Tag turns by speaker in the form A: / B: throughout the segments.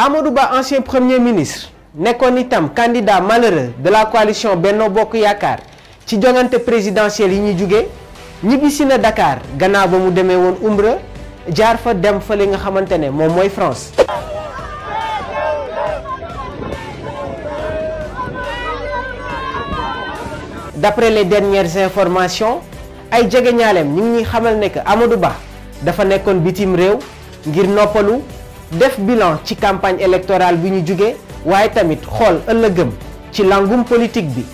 A: Amadou Ba ancien premier ministre nekkoon itam candidat malheureux de la coalition Benno Bokk Yakar. ci jongante présidentielle yi ñuy jugee ñibbisi Dakar de Dakar, mu demee woon Umra jaar fa dem fa nga France. d'après les dernières informations ay jege ñaaleem ñu ngi xamal que Amadou Ba dafa def bilan ci campagne électorale bi ñu jugee waaye tamit xool ëllëgëm ci langum politique bi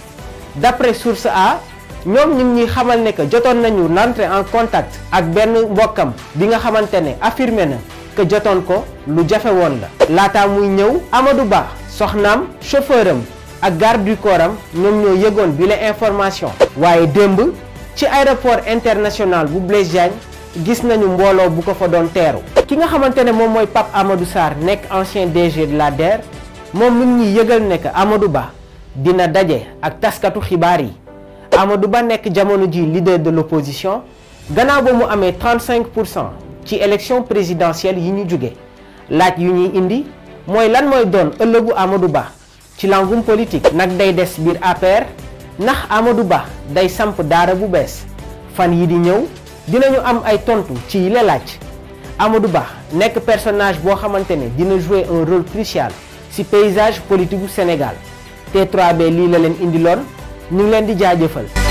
A: d'après source A ñoom ñu ñuy xamal ne que nañu en contact ak benn mbokam bi nga xamante ne affirmé na que jotoon ko lu jafe woon la. laataa muy ñëw Amadou Ba soxnaam chauffeur am ak garde du corps am ñoom ñoo yëgoon bi la information. waaye démb ci aéroport international bu Blaise gis nañu mbooloo bu ko fa doon teeru ki nga xamante ne moom mooy Pape Amadou Sarr ancien DG de la DER moom mi ngi yëgal ne Amadou Ba dina daje ak taskatu xibaar yi Amadou Ba nekk ji leader de l'opposition gannaaw ba mu amee 35 pour cent ci élection présidentielle yi ñu laaj yu indi mooy lan mooy doon ëllëgu Amadou Ba ci langum politique nag day des biir APR ndax Amadou Ba day samp daara bu bees fan yi di ñëw dinañu am ay tontu ci yile laaj Amadou Ba nekk personnage boo xamante ne dina jouer un rôle crucial ci paysage politique du Sénégal T3B lii la leen indiloon ñu ngi leen di jaajëfal.